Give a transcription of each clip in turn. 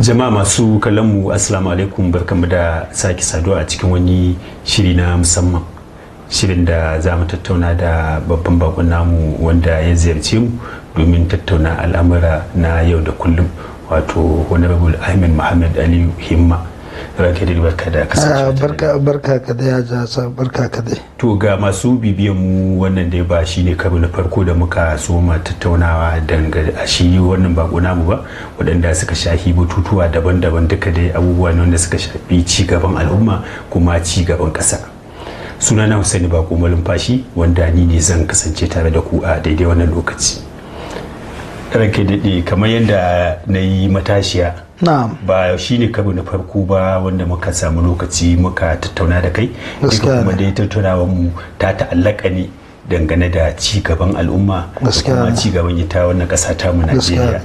jama'a masu mu assalamu alaikum barkamu da sake saduwa a cikin wani shiri na musamman shirin da za mu tattauna da babban bakon namu wanda ya ziyarce mu domin tattauna al'amura na yau da kullum wato honorable ahmed muhammad aliyu himma ranke da ah, barka da kasance barka barka ka da yaja sa barka ka da to ga masu bibiyan mu wannan dai ba shine karo na farko da muka soma tattaunawa dangane a shi wannan bako namu ba waɗanda suka shafi batutuwa daban-daban duka dai abubuwa ne wanda suka shafi ci gaban al'umma kuma ci gaban ƙasa sunana Hussaini Bako Malumfashi wanda ni ne zan kasance tare da ku a daidai wannan lokaci. Ranke daɗe kamar yadda na yi matashiya ba shi ne karo na farko ba wanda muka samu lokaci muka tattauna da kai duka kuma dai tattaunawar mu ta ta'allaka ne dangane da ci gaban al'umma da kuma ci gaban ita wannan ƙasa ta mu Najeriya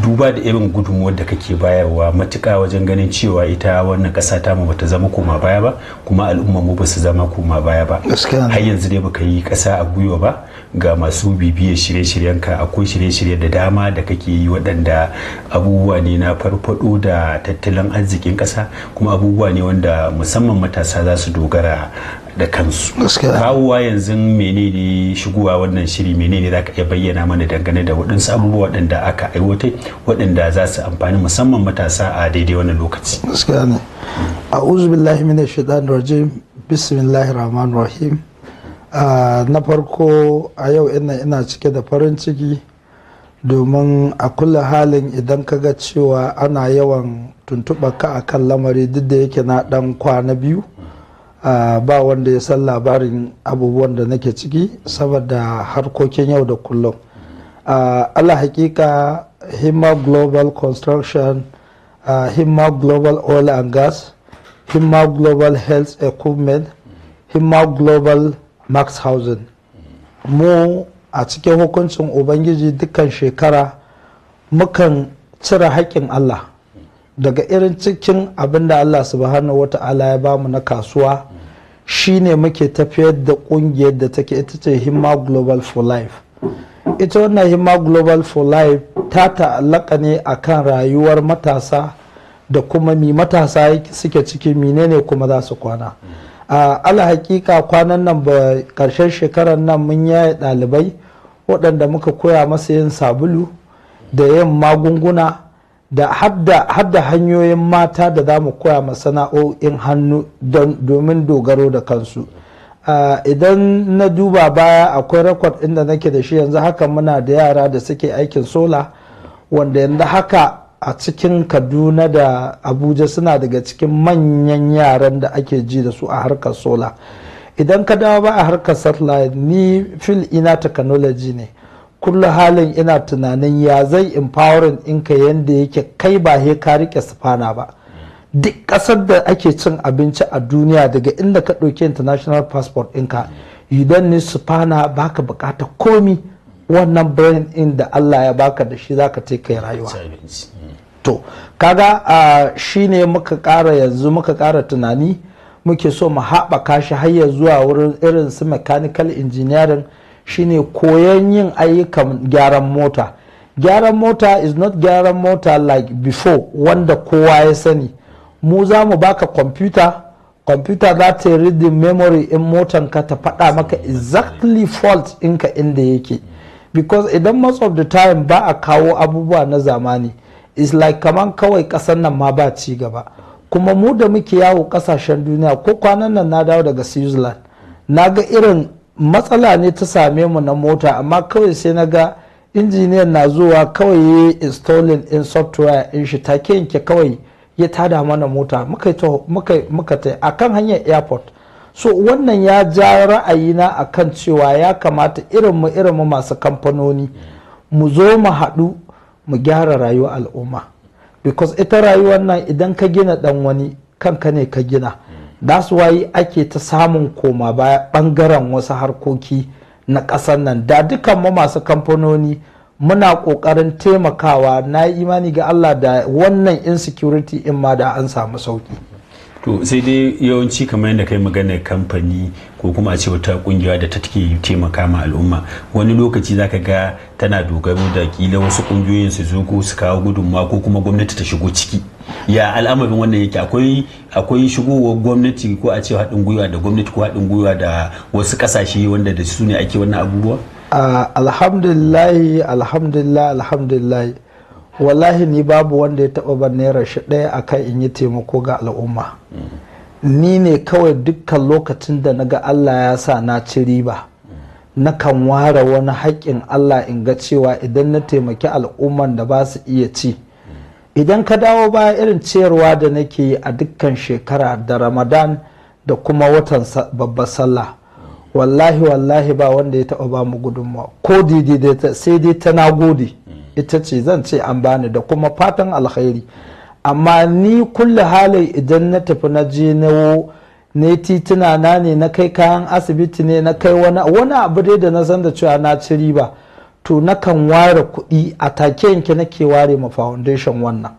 duba da irin gudunmuwar da kake bayarwa matuƙa wajen ganin cewa ita wannan ƙasa ta mu bata zama koma baya ba kuma al'umma mu ba su zama koma baya ba har yanzu dai baka yi ƙasa a gwiwa ba ga masu bibiyar shirye-shiryen ka akwai shirye-shirye da dama da kake yi waɗanda abubuwa ne na farfado da tattalin arzikin ƙasa kuma abubuwa ne wanda musamman matasa za su dogara da kansu kawowa yanzu menene shigowa wannan shiri menene za ka iya bayyana mana dangane da waɗansu abubuwa waɗanda aka aiwatar waɗanda za su amfani musamman matasa a daidai wannan lokaci gaskiya ne a'udhu billahi minash shaitanir rajim bismillahir rahmanir rahim na farko a yau ina ina cike da farin ciki domin a kulle halin idan ka ga cewa ana yawan tuntuɓa ka a kan lamari duk da yake na ɗan kwana biyu ba wanda ya san labarin abubuwan da nake ciki saboda harkokin yau da kullum ala hakika himma global construction himma global oil and gas himma global health equipment himma global max housen mu a cikin hukuncin ubangiji dukkan shekara mukan cire haƙƙin allah daga irin cikin abin da allah subhanahu wa ta'ala ya bamu na kasuwa shine muke tafiyar da ƙungiyar da take ita ce himma global for life ita wannan himma global for life ta ta'allaka ne akan rayuwar matasa da kuma mi matasa suke ciki menene kuma za su kwana ala hakika kwanan nan ba karshen shekarar nan mun yaye ɗalibai waɗanda muka koya masa yin sabulu da yin magunguna da hadda hanyoyin mata da za mu koya masana'o'in hannu domin dogaro da kansu idan na duba baya akwai rekod inda nake da shi yanzu haka muna da yara da suke aikin sola wanda yanzu haka a cikin kaduna da abuja suna daga cikin manyan yaran da ake ji da su a harkar sola idan ka dawo ba a harkar satellite ni fil ina technology ne kullum halin ina tunanin ya zai empowering inka yadda yake kai ba he ka rike sufana ba duk ƙasar da ake cin abinci a duniya daga inda ka ɗauki international passport ɗinka idan ni sufana baka bukata komi wannan brain in da Allah ya baka da shi zaka kai rayuwa to kaga uh, shine muka kara yanzu muka ƙara tunani muke so mu haɓaka shi har zuwa wurin irin su mechanical engineering shine koyon yin ayyukan gyaran mota gyaran mota is not gyaran mota like before wanda kowa ya sani mu za mu baka kwamfuta computer za ta yi the memory in motan ka ta faɗa maka exactly fault inka inda yake because idan most of the time ba a kawo abubuwa na zamani is like kaman kawai kasan nan ma ba ci gaba kuma mu da muke yawo ƙasashen duniya ko kwanan nan na dawo daga switzerland na ga irin matsala ne ta same mu na mota amma kawai sai na ga injiniyan na zuwa kawai ya yi installing in software in shi take yanke kawai ya tada mana mota muka ta a kan hanyar airport so wannan ya ja ra'ayina a kan cewa ya kamata irin mu irin mu masu kamfanoni mu zo mu haɗu mu gyara rayuwar al'umma because ita rayuwar nan idan ka gina dan wani kanka ne ka gina that's why ake ta samun koma baya bangaren wasu harkoki na ƙasar nan da dukan mu masu kamfanoni muna ƙoƙarin taimakawa na imani ga Allah da wannan insecurity in ma da an samu sauƙi. to sai dai yawanci kamar yadda kai magana kamfani ko kuma a ce wata kungiya da ta take taimaka ma al'umma wani lokaci za ka ga tana dogaro da kila wasu kungiyoyin su zo ko su kawo gudunmawa ko kuma gwamnati ta shigo ciki ya al'amarin wannan yake akwai akwai shigowar gwamnati ko a ce haɗin gwiwa da gwamnati ko haɗin gwiwa da wasu ƙasashe wanda da su ne ake wannan abubuwa alhamdulillah alhamdulillah alhamdulillah wallahi ni babu wanda ya taba ban naira shi ɗaya akan in yi taimako ga al'umma ni ne kawai dukkan lokacin da na ga allah ya sa na ci riba na kan ware wani haƙƙin allah in ga cewa idan na taimaki al'umman da ba su iya ci idan ka dawo baya irin ciyarwa da nake yi a dukkan shekara da ramadan da kuma watan babbar sallah wallahi wallahi ba wanda ya taba ba mu gudunmawa ko didi sai dai ta nagode ita ce zan ce an bani da kuma fatan alkhairi amma ni kulle halin idan na tafi na je na ne tituna na ne na kai kayan asibiti ne na kai wani abu dai da na san da cewa na ci riba to nakan ware kuɗi a take yanke nake ware ma foundation wannan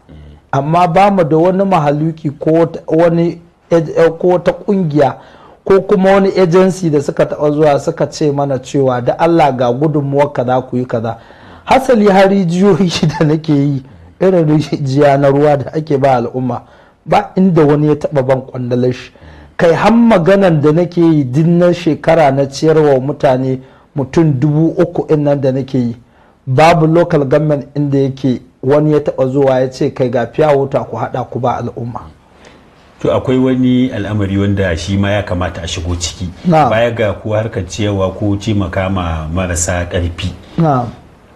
amma ba mu da wani mahaluki ko wani eh, ko wata kungiya ko kuma wani agency da suka taba zuwa suka ce mana cewa da Allah ga gudunmuwar kaza ku yi kaza hasali har rijiyoyi da nake yi irin rijiya na ruwa da ake ba al'umma ba inda wani ya taba ban kwandalar shi kai har maganan da nake yi dinnan shekara na ciyarwa mutane mutum dubu uku nan da nake yi babu local government inda yake wani ya taba zuwa ya ce kai ga fiya wuta ku hada ku ba al'umma to akwai wani al'amari wanda shi ma ya kamata a shigo ciki baya ga ko harkar ciyarwa ko ce makama marasa karfi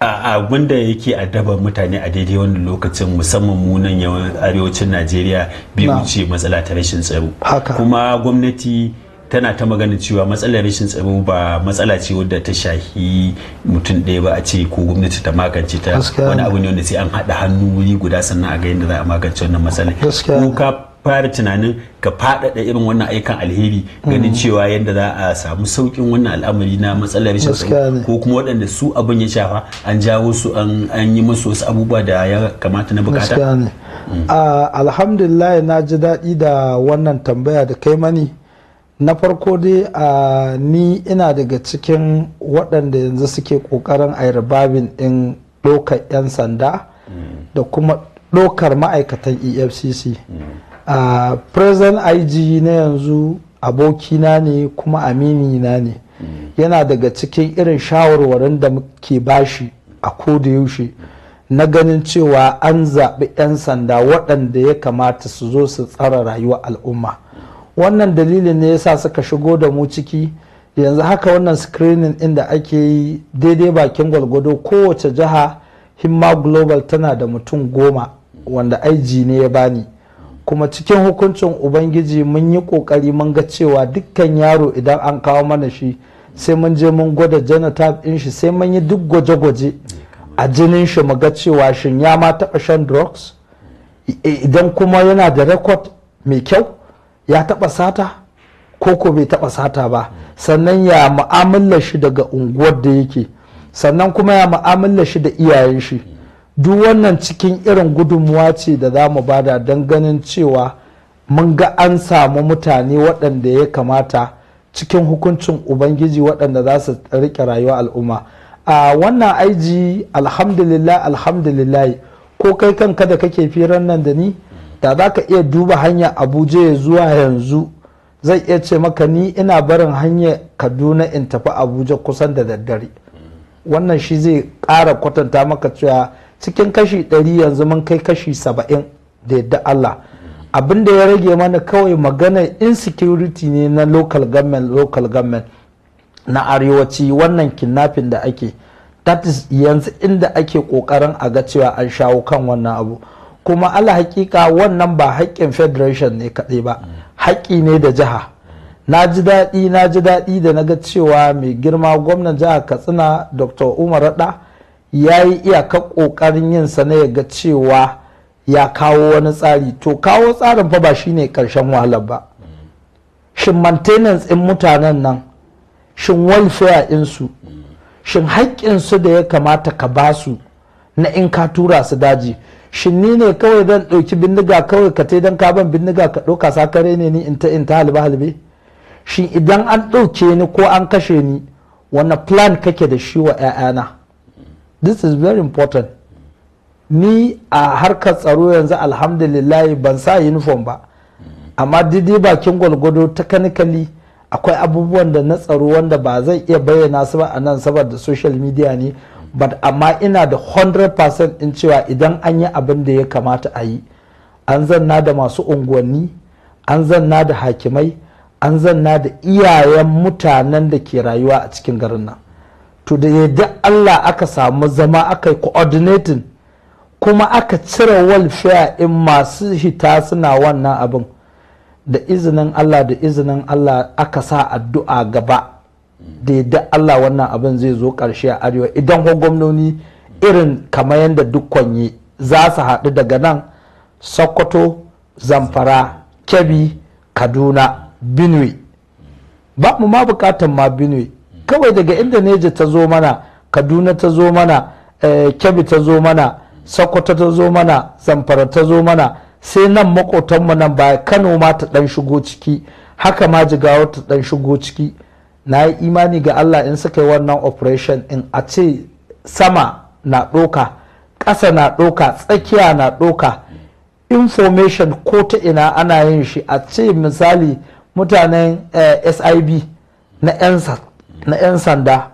a da yake daba mutane a daidai wani lokacin musamman munan yawan arewacin najeriya bai wuce matsala ta rashin tsaro kuma gwamnati tana ta magana cewa matsalar rashin tsaro ba matsala ce wadda ta shahi mutum ɗaya ba a ce ko gwamnati ta magance ta wani abu ne wanda sai an haɗa hannu wuri guda sannan a ga yadda za a magance wannan matsalar fara tunanin ka faɗaɗa irin wannan aikan alheri ganin mm. cewa yadda za a samu saukin wannan al'amari na matsalar rashin ko kuma waɗanda su abin ya shafa an jawo su an yi musu wasu abubuwa da ya kamata na bukata mm. alhamdulillah na ji daɗi da wannan tambaya da kai mani na farko dai a ni ina daga cikin waɗanda yanzu suke ƙoƙarin a ɗin ɗaukar 'yan sanda mm. da kuma ɗaukar ma'aikatan efcc a president ig na yanzu abokina ne kuma aminina ne yana daga cikin irin shawarwarin da muke bashi a koda yaushe na ganin cewa an zaɓi 'yan sanda waɗanda ya kamata su zo su tsara rayuwa al'umma wannan dalilin ne yasa suka shigo da mu ciki yanzu haka wannan screening inda ake yi daidai bakin gwalgwado kowace jiha himma global tana da mutum goma wanda aiji ne ya bani kuma cikin hukuncin ubangiji mun yi kokari mun ga cewa dukkan yaro idan an kawo mana shi sai mun je mun gwada genotype din shi sai mun yi duk gwaje-gwaje a jinin shi mu ga cewa shin ya ma taɓa shan drugs idan kuma yana da record mai kyau ya taɓa sata ko ko bai taɓa sata ba sannan ya mu'amala shi daga unguwar da yake sannan kuma ya mu'amala shi da iyayen shi duk wannan cikin irin gudunmuwa ce da za mu bada don ganin cewa mun ga an samu mutane waɗanda ya kamata cikin hukuncin ubangiji waɗanda za su riƙe rayuwa al'umma a wannan aiji alhamdulillah alhamdulillah ko kai kanka da kake firan nan da ni da za ka iya duba hanya abuja ya zuwa yanzu zai iya ce maka ni ina barin hanyar kaduna in tafi abuja kusan da daddare wannan shi zai ƙara kwatanta maka cewa cikin kashi ɗari yanzu mun kai kashi saba'in da yadda Allah abin da ya rage mana kawai magana insecurity ne na local government local government na arewaci wannan kidnapping da ake that is yanzu inda ake kokarin a ga cewa an shawo kan wannan abu kuma ala hakika wannan ba haƙƙin federation ne kaɗai ba haƙƙi ne da jiha na ji daɗi na ji daɗi da na ga cewa mai girma gwamnan jihar katsina dr umar rada ya yi iyaka ƙoƙarin yin sa na yaga cewa ya kawo wani tsari to kawo tsarin fa ba shine karshen wahalar ba shin maintenance ɗin mutanen nan shin welfare su? shin su da ya kamata ka ba su na in ka tura su daji shin ni ne kawai dan ɗauki bindiga kawai ka tai dan ka ban bindiga ka ɗauka sakare ne ni in ta in ta halbe halbe shin idan an ɗauke ni ko an kashe ni wani plan kake da shi wa 'ya'yana this is very important ni a harkar tsaro yanzu alhamdulillah ban sa uniform ba amma didi bakin gwalgwado technically akwai abubuwan da na tsaro wanda ba zai iya bayyana su ba a nan saboda social media ne but amma ina da 100% in cewa idan an yi abin da ya kamata a yi an zanna da masu unguwanni an zanna da hakimai an zanna da iyayen mutanen da ke rayuwa a cikin garin nan to da yadda Allah aka samu zama aka yi coordinating kuma aka cire welfare in masu hita suna wannan abin da izinin Allah da izinin Allah aka sa addu'a gaba da yadda Allah wannan abin zai zo ƙarshe a arewa idan ko gwamnoni irin kamar yadda dukkan yi za su haɗu daga nan sokoto zamfara kebbi kaduna benue ba mu ma bukatan ma benue kawai daga inda neja ta zo mana kaduna ta zo mana eh, kebbi ta zo mana sokoto ta zo mana zamfara ta zo mana sai nan makotanmu nan baya kano ma ta dan shigo ciki haka ma jigawa ta dan shigo ciki na yi imani ga allah in suka yi wannan operation in a ce sama na ɗoka ƙasa na ɗoka tsakiya na ɗoka information ko ta ina ana yin shi a ce misali mutanen siv eh, sib na ensat na 'yan sanda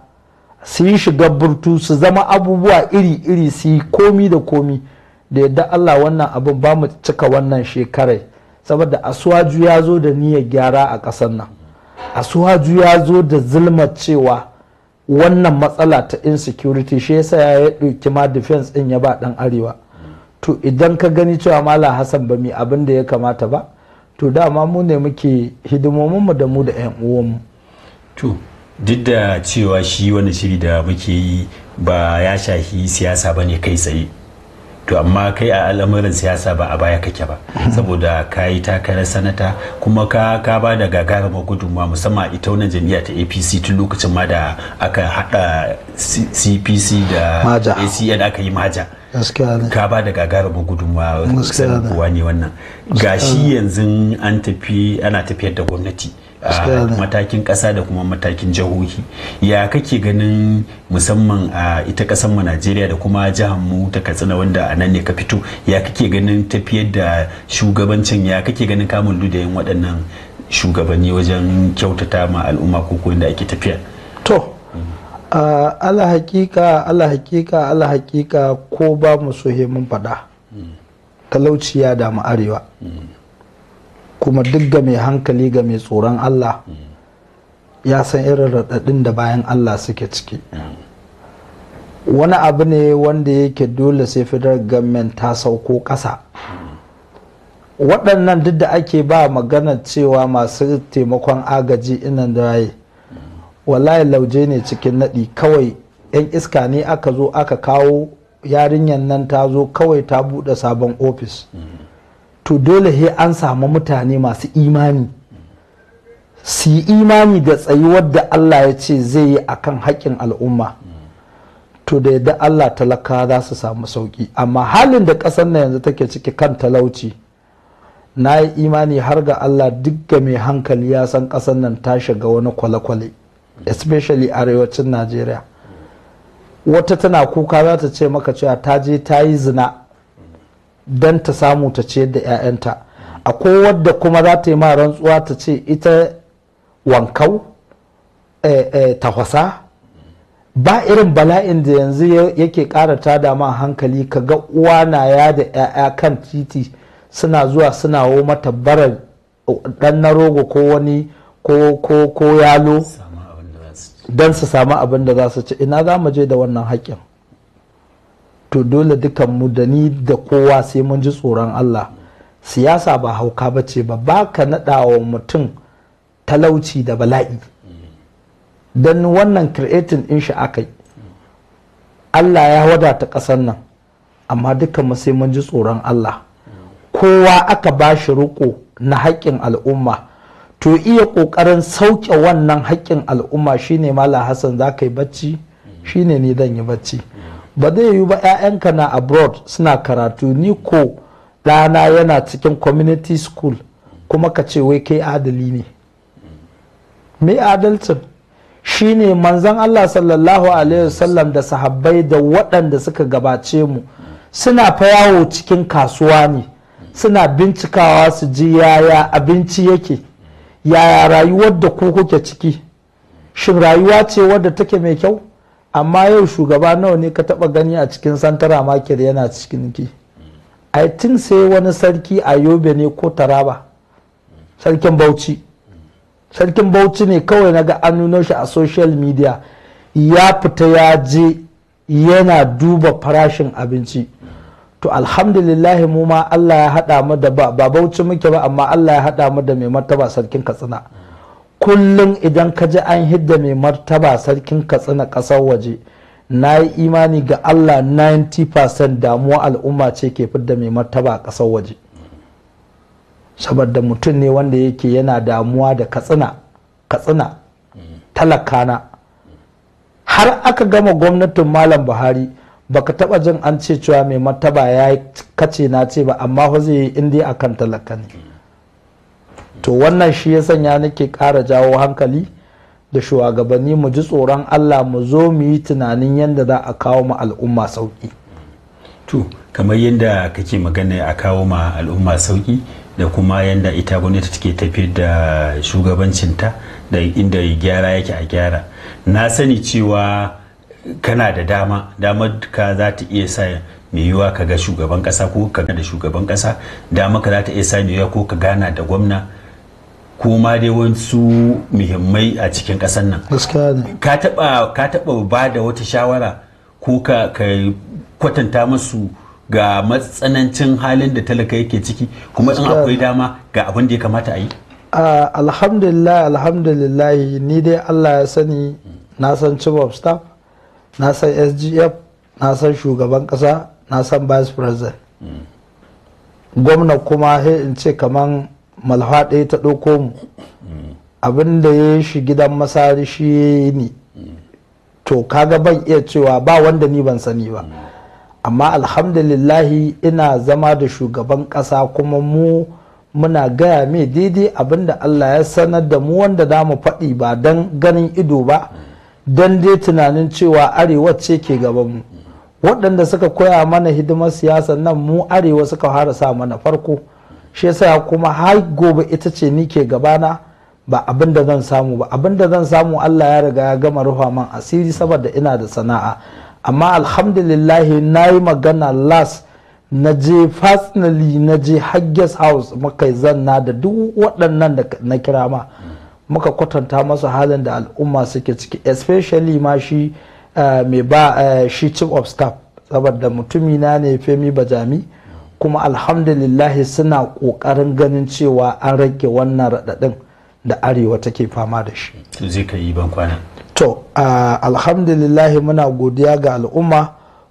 su yi shiga burtu su zama abubuwa iri-iri su yi komi da komi da yadda Allah wannan abin ba mu cika wannan shekarai saboda asuwaju ya zo da niyyar gyara a ƙasar nan asuwaju ya zo da zulma cewa wannan matsala ta insecurity shi yasa ya ɗauki ma defense ɗin ya ba ɗan arewa to idan ka gani cewa mala hassan ba mi abin da ya kamata ba to dama mu ne muke hidimominmu da mu da 'yan uwanmu to duk da cewa shi wani shiri da muke yi ba ya shahi siyasa ba ne kai tsaye to amma kai a al'amuran siyasa ba a baya kake ba mm-hmm. saboda ka yi takarar sanata kuma ka ka ba da gagarumar gudunmawa musamman ita wannan jami'a ta apc tun lokacin ma da aka hada cpc da acn aka yi maja ka ba da gagarumar gudunmawa sanin ne wannan gashi yanzu an tafi ana tafiyar da gwamnati Ah, matakin ƙasa da kuma matakin jihohi ya kake ganin musamman a ah, ita ƙasar mu Najeriya da kuma jihar mu ta Katsina wanda a nan ne ka fito ya kake ganin tafiyar da shugabancin ya kake ganin kamun yin waɗannan shugabanni wajen kyautata ma al'umma ko ko inda ake tafiya to ah, ala hakika ala hakika ala hakika ko ba mu so mun faɗa hmm. talauci ya damu arewa hmm. kuma duk ga mai hankali ga mai tsoron Allah ya san irin raɗaɗin da bayan Allah suke ciki wani abu ne wanda yake dole sai federal government ta sauko ƙasa waɗannan duk da ake ba magana cewa masu taimakon agaji inan da waye wallahi lauje ne cikin naɗi kawai 'yan iska ne aka zo aka kawo yarinyar nan ta zo kawai ta buɗe sabon ofis. Mm -hmm. to dole he an samu mutane masu imani su yi imani da tsayuwar wadda Allah ya ce zai yi akan haƙƙin al'umma to da yadda Allah talaka za su samu sauƙi amma halin da ƙasar na yanzu take ciki kan talauci na yi imani har ga Allah duk ga mai hankali ya san ƙasar nan ta shiga wani kwale-kwale especially arewacin Najeriya wata tana kuka za ta ce maka cewa ta je ta yi zina don ta samu ta ce da 'ya'yanta a akwai wadda kuma za ta yi ma rantsuwa ta ce ita wankau eh, eh, tahwasa ba irin bala'in da yanzu yake ƙara tada dama hankali ka ga uwa na ya da 'ya'ya kan titi suna zuwa suna wo mata barar ɗan na rogo ko wani ko yalo don su samu abin da za su ci ina za mu je da wannan haƙƙin to dole dukan mu da ni da kowa sai mun ji tsoron Allah siyasa ba hauka ba ce ba ba ka wa mutum talauci da bala'i don wannan creating in shi aka yi Allah ya wadata ƙasar nan amma dukan sai mun ji tsoron Allah kowa aka ba shi riko na haƙƙin al'umma to iya ƙoƙarin sauke wannan haƙƙin al'umma shine mala hassan za ka yi bacci shine ni zan yi bacci ba zai yiwu ba 'ya'yanka na abroad suna karatu ni ko ɗana yana cikin community school kuma ka ce wai kai adali ne me adalcin shine manzan Allah sallallahu alaihi wasallam da sahabbai da waɗanda suka gabace mu suna fayawo cikin kasuwa ne suna bincikawa su ji yaya abinci yake yaya rayuwar da ku kuke ciki shin rayuwa ce wadda take mai kyau amma yau shugaba nawa ne ka taba gani a cikin santara market yana cikin ki i think sai wani sarki a yobe ne ko taraba sarkin bauchi sarkin bauchi ne kawai na ga an shi a social media ya fita ya je yana duba farashin abinci to alhamdulillahi mu ma allah ya haɗa mu da ba bauchi muke ba amma allah ya haɗa mu da mai martaba sarkin katsina kullum idan ka ji an hidda mai martaba sarkin katsina ƙasar waje na yi imani ga allah 90% damuwa al'umma ce ke fidda mai martaba a ƙasar waje saboda mutum ne wanda yake yana damuwa da katsina katsina talakana har aka gama gwamnatin malam buhari baka taba jin an ce cewa mai martaba ya kace na ce ba amma zai yi indiya akan talaka ne to wannan shi ya sanya nake kara jawo hankali da shugabanni mu ji tsoron allah mu zo mu yi tunanin yadda za a kawo mu al'umma sauƙi to kamar yadda kake magana a kawo ma al'umma sauƙi da kuma yadda ita gwamnati take tafiyar da shugabancinta da inda gyara yake a gyara na sani cewa kana da dama dama ka za ta iya sa mai yiwuwa ka ga shugaban kasa ko ka gana da shugaban kasa dama ka za ta iya sa mai yiwuwa ko ka gana da gwamna ko ma dai wasu muhimmai a cikin ƙasar nan ka taɓa ka taɓa ba da wata shawara ko ka kwatanta musu ga matsanancin halin da talaka yake ciki kuma in akwai dama ga abin da ya kamata a yi alhamdulillah alhamdulillah ni dai allah ya sani na san chief of staff na san sgf na san shugaban kasa na san vice president mm. gwamna kuma in ce kaman malha ɗaya ta ɗauko mu abin da ya shi gidan masari shi ya yi to kaga ban iya cewa ba wanda ni ban sani ba amma alhamdulillahi ina zama da shugaban ƙasa kuma mu muna gaya mai daidai abin da Allah ya sanar da mu wanda da mu faɗi ba don ganin ido ba don dai tunanin cewa arewa ce ke gaban mu waɗanda suka koya mana hidimar siyasa nan mu arewa suka fara sa mana farko. shi yasa kuma har gobe ita ce ni ke gabana ba abin da zan samu ba abin da zan samu Allah ya riga ya gama rufa man asiri saboda ina da sana'a amma alhamdulillah na yi magana last na je personally na je hagges house zan zanna da duk waɗannan da na kira ma muka kwatanta masa halin da al'umma suke ciki especially ma shi eh, mai ba eh, shi chief of staff saboda mutumina ne femi bajami kuma alhamdulillahi suna ƙoƙarin ganin cewa an rage wannan raɗaɗin da arewa take fama da shi zai ka yi ban kwana to alhamdulillahi muna godiya ga al'umma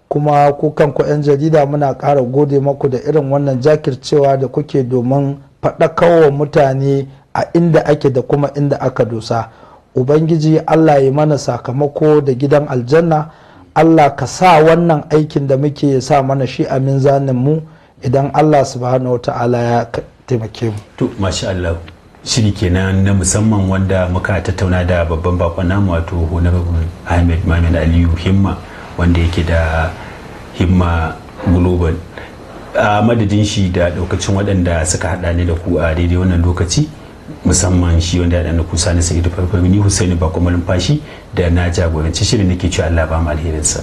kuma kukan ku 'yan jarida muna ƙara gode maku da irin wannan jakircewa da kuke domin faɗakarwa mutane a inda ake da kuma inda aka dosa ubangiji allah ya mana sakamako da gidan aljanna allah ka sa wannan aikin da muke sa mana shi a minzanin mu idan Allah subhanahu ta'ala ya taimake mu to masha Allah shiri kenan na musamman wanda muka tattauna da babban bakon namu wato honorable Ahmed Mamin Aliyu Himma wanda yake da Himma Global a madadin shi da daukacin waɗanda suka haɗa ne da ku a daidai wannan lokaci musamman shi wanda ya ku sani sai da farko ni Husaini Bako fashi da na jagoranci shirin nake cewa Allah ba mu alherinsa